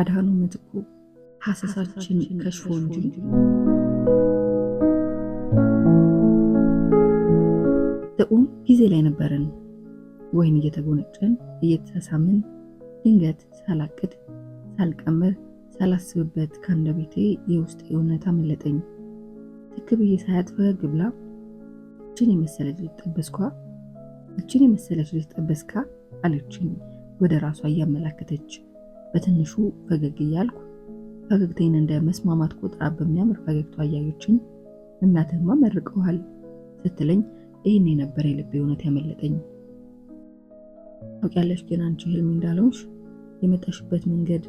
አድሃኑ ምትኩ ሀሰሳችን ከሽፎ እንጂ ጥቁም ጊዜ ላይ ነበርን። ወይን እየተጎነጨን እየተሳሳምን፣ ድንገት ሳላቅድ ሳልቀምር ሳላስብበት ቤቴ የውስጥ እውነት አመለጠኝ። ትክ ብዬ ሳያት ፈገግ ብላ እችን የመሰለች ልጅ ጠበስኳ፣ እችን የመሰለች ልጅ ጠበስካ አለችኝ ወደ ራሷ እያመላከተች። በትንሹ ፈገግ እያልኩ ፈገግታዬን እንደ መስማማት ቆጥራ በሚያምር ፈገግታ አያዮችኝ እናትህማ መርቀዋል ስትለኝ ይህን የነበረ የልብ እውነት ያመለጠኝ። ታውቂያለሽ ግን አንቺ እንዳለውሽ የመጣሽበት መንገድ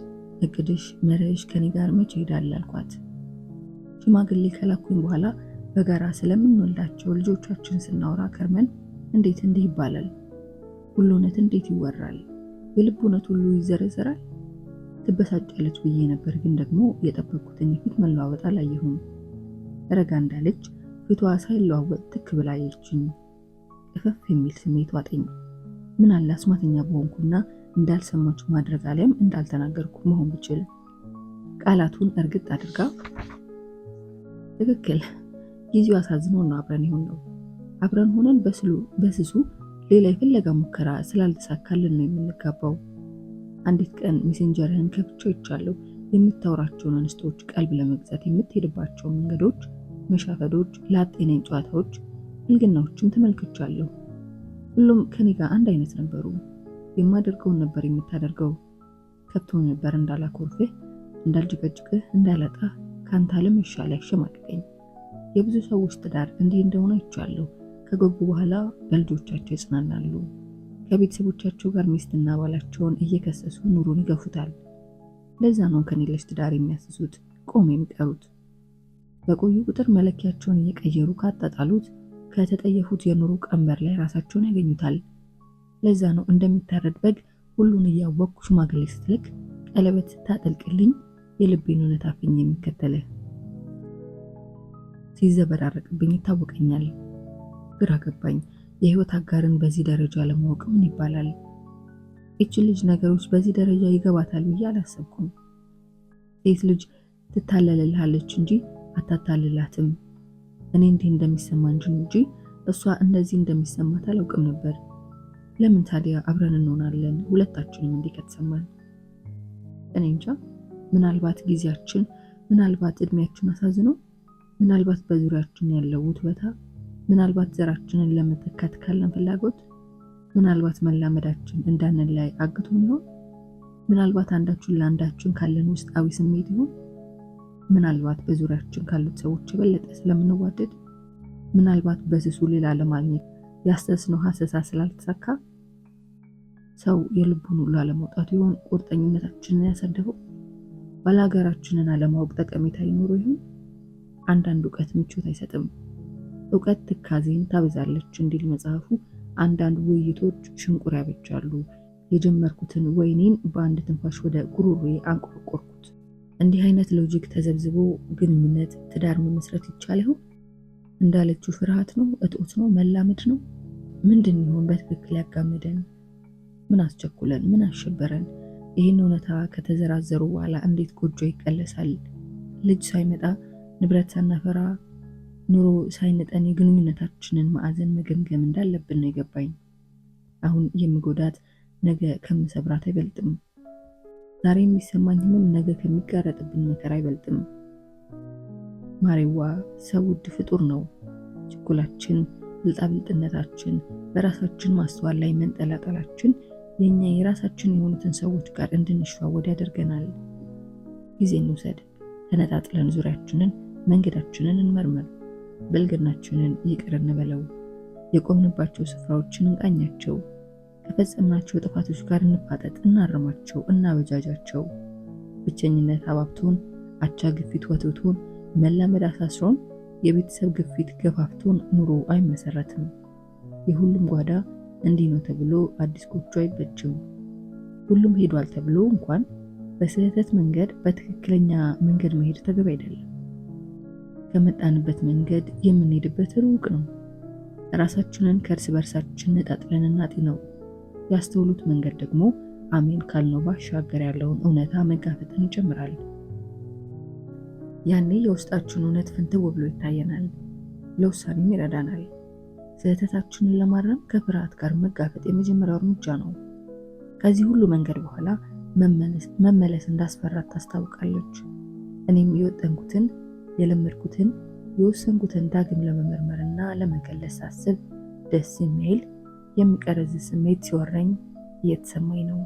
እቅድሽ፣ መርሽ ከኔ ጋር መቼ አልኳት። ሽማግሌ ከላኩኝ በኋላ በጋራ ስለምንወልዳቸው ልጆቻችን ስናወራ ከርመን እንዴት እንዲህ ይባላል፣ ሁሉ እውነት እንዴት ይወራል፣ የልብ እውነት ሁሉ ይዘረዘራል ትበሳጫለች ብዬ ነበር፣ ግን ደግሞ የጠበቅኩትን የፊት መለዋወጥ አላየሁም። ረጋ እንዳለች ፊቷ ሳይለዋወጥ ትክ ብላ አየችኝ። እፈፍ የሚል ስሜት ዋጠኝ። ምን አለ አስማተኛ በሆንኩና እንዳልሰማች ማድረግ አሊያም እንዳልተናገርኩ መሆን ብችል። ቃላቱን እርግጥ አድርጋ ትክክል ጊዜው አሳዝኖ ነው አብረን ይሆን ነው አብረን ሆነን በስሱ ሌላ የፍለጋ ሙከራ ስላልተሳካልን ነው የምንጋባው። አንዲት ቀን ሜሴንጀርህን ከፍቼው ይቻለሁ። የምታወራቸውን አንስቶች ቀልብ ለመግዛት የምትሄድባቸው መንገዶች፣ መሻፈዶች፣ ላጤነኝ ጨዋታዎች፣ ብልግናዎችም ተመልክቻለሁ። ሁሉም ከኔ ጋር አንድ አይነት ነበሩ። የማደርገውን ነበር የምታደርገው። ከብቶን ነበር እንዳላኮርፍህ፣ እንዳልጅቀጭቅህ፣ እንዳላጣ ከአንተ ዓለም ይሻል አይሸማቅቀኝ። የብዙ ሰዎች ትዳር እንዲህ እንደሆነ ይቻለሁ። ከገቡ በኋላ በልጆቻቸው ይጽናናሉ። ከቤተሰቦቻቸው ጋር ሚስትና ባላቸውን እየከሰሱ ኑሮን ይገፉታል። ለዛ ነው ከኔ ትዳር የሚያስሱት ቆም የሚጠሩት። በቆዩ ቁጥር መለኪያቸውን እየቀየሩ ካጣጣሉት ከተጠየፉት የኑሮ ቀንበር ላይ ራሳቸውን ያገኙታል። ለዛ ነው እንደሚታረድ በግ ሁሉን እያወቅኩ ሽማግሌ ስትልክ ቀለበት ስታጠልቅልኝ የልቤን እውነት አፍኝ የሚከተለ ሲዘበራረቅብኝ ይታወቀኛል። ግራ ገባኝ። የህይወት አጋርን በዚህ ደረጃ ለማወቅ ምን ይባላል? ይች ልጅ ነገሮች በዚህ ደረጃ ይገባታል ብዬ አላሰብኩም። ሴት ልጅ ትታለልልሃለች እንጂ አታታልላትም። እኔ እንዲህ እንደሚሰማኝ እንጂ እሷ እንደዚህ እንደሚሰማት አላውቅም ነበር። ለምን ታዲያ አብረን እንሆናለን? ሁለታችንም እንዲህ ከተሰማን እኔ እንጃ። ምናልባት ጊዜያችን፣ ምናልባት እድሜያችን አሳዝኖ፣ ምናልባት በዙሪያችን ያለው ውትበታ ምናልባት ዘራችንን ለመተካት ካለን ፍላጎት ምናልባት መላመዳችን እንዳንለያይ አግቶን ይሆን? ምናልባት አንዳችን ለአንዳችን ካለን ውስጣዊ ስሜት ይሆን? ምናልባት በዙሪያችን ካሉት ሰዎች የበለጠ ስለምንዋደድ፣ ምናልባት በስሱ ሌላ ለማግኘት ያሰስነው ሀሰሳ ስላልተሳካ ሰው የልቡን ሁሉ አለመውጣት ይሆን? ቁርጠኝነታችንን ያሳደፈው ባላገራችንን አለማወቅ ጠቀሜታ ይኖረው ይሆን? አንዳንድ እውቀት ምቾት አይሰጥም። እውቀት ትካዜን ታበዛለች እንዲል መጽሐፉ፣ አንዳንድ ውይይቶች ሽንቁር ያበጃሉ። የጀመርኩትን ወይኔን በአንድ ትንፋሽ ወደ ጉሮሮዬ አንቆረቆርኩት። እንዲህ አይነት ሎጂክ ተዘብዝቦ ግንኙነት፣ ትዳር መመስረት ይቻል ይሆን? እንዳለችው ፍርሃት ነው? እጦት ነው? መላመድ ነው? ምንድን ይሆን በትክክል ያጋመደን? ምን አስቸኩለን? ምን አሸበረን? ይህን እውነታ ከተዘራዘሩ በኋላ እንዴት ጎጆ ይቀለሳል? ልጅ ሳይመጣ ንብረት ሳናፈራ ኑሮ ሳይነጠን የግንኙነታችንን ማዕዘን መገምገም እንዳለብን ነው የገባኝ። አሁን የምጎዳት ነገ ከምሰብራት አይበልጥም። ዛሬ የሚሰማኝ ህመም ነገ ከሚጋረጥብን መከራ አይበልጥም። ማሬዋ ሰው ውድ ፍጡር ነው። ችኩላችን፣ ብልጣብልጥነታችን፣ በራሳችን ማስተዋል ላይ መንጠላጠላችን የእኛ የራሳችን የሆኑትን ሰዎች ጋር እንድንሸዋወድ ያደርገናል። ጊዜ እንውሰድ። ተነጣጥለን ዙሪያችንን መንገዳችንን እንመርመር። ብልግናችንን ይቅር እንበለው። የቆምንባቸው ስፍራዎችን እንቃኛቸው። ከፈጸምናቸው ጥፋቶች ጋር እንፋጠጥ፣ እናርማቸው፣ እናበጃጃቸው። ብቸኝነት አባብቶን፣ አቻ ግፊት ወትቶን፣ መላመድ አሳስሮን፣ የቤተሰብ ግፊት ገፋፍቶን ኑሮ አይመሰረትም። የሁሉም ጓዳ እንዲህ ነው ተብሎ አዲስ ጎጆ አይበጅም። ሁሉም ሄዷል ተብሎ እንኳን በስህተት መንገድ በትክክለኛ መንገድ መሄድ ተገቢ አይደለም። ከመጣንበት መንገድ የምንሄድበት ሩቅ ነው። ራሳችንን ከእርስ በርሳችን ነጣጥለን ነው። ያስተውሉት መንገድ ደግሞ አሜን ካልነው ባሻገር ያለውን እውነታ መጋፈጥን ይጨምራል። ያኔ የውስጣችን እውነት ፍንትው ብሎ ይታየናል፣ ለውሳኔም ይረዳናል። ስህተታችንን ለማረም ከፍርሃት ጋር መጋፈጥ የመጀመሪያው እርምጃ ነው። ከዚህ ሁሉ መንገድ በኋላ መመለስ እንዳስፈራት ታስታውቃለች። እኔም የወጠንኩትን የለመድኩትን የወሰንኩትን ዳግም ለመመርመርና ለመገለስ ሳስብ ደስ የሚል የሚቀረዝ ስሜት ሲወረኝ እየተሰማኝ ነው።